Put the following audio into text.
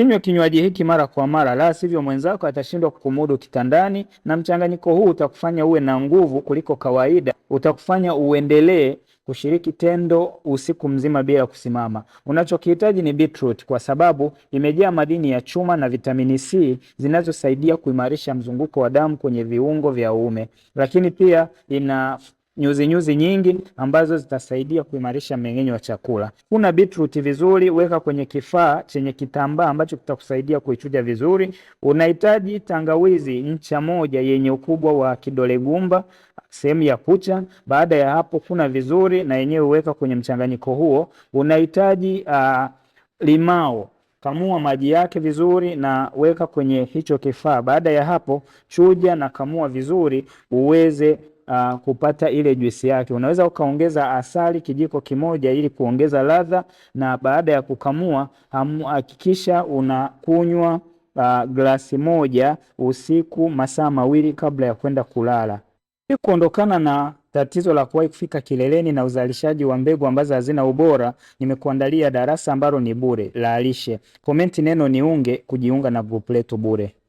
Kinywa kinywaji hiki mara kwa mara, la sivyo mwenzako atashindwa kukumudu kitandani, na mchanganyiko huu utakufanya uwe na nguvu kuliko kawaida, utakufanya uendelee kushiriki tendo usiku mzima bila kusimama. Unachokihitaji ni beetroot kwa sababu imejaa madini ya chuma na vitamini C zinazosaidia kuimarisha mzunguko wa damu kwenye viungo vya uume, lakini pia ina nyuzi nyuzi nyingi ambazo zitasaidia kuimarisha mmeng'enyo wa chakula. Kuna beetroot vizuri, weka kwenye kifaa chenye kitambaa ambacho kitakusaidia kuichuja vizuri. Unahitaji tangawizi ncha moja yenye ukubwa wa kidole gumba sehemu ya kucha. Baada ya hapo, kuna vizuri na yenyewe weka kwenye mchanganyiko huo. Unahitaji uh, limao kamua maji yake vizuri na weka kwenye hicho kifaa. Baada ya hapo, chuja na kamua vizuri uweze uh, kupata ile juisi yake. Unaweza ukaongeza asali kijiko kimoja ili kuongeza ladha, na baada ya kukamua hakikisha unakunywa uh, glasi moja usiku masaa mawili kabla ya kwenda kulala ili kuondokana na tatizo la kuwahi kufika kileleni na uzalishaji wa mbegu ambazo hazina ubora, nimekuandalia darasa ambalo ni bure la lishe. Komenti neno niunge kujiunga na grupu letu bure.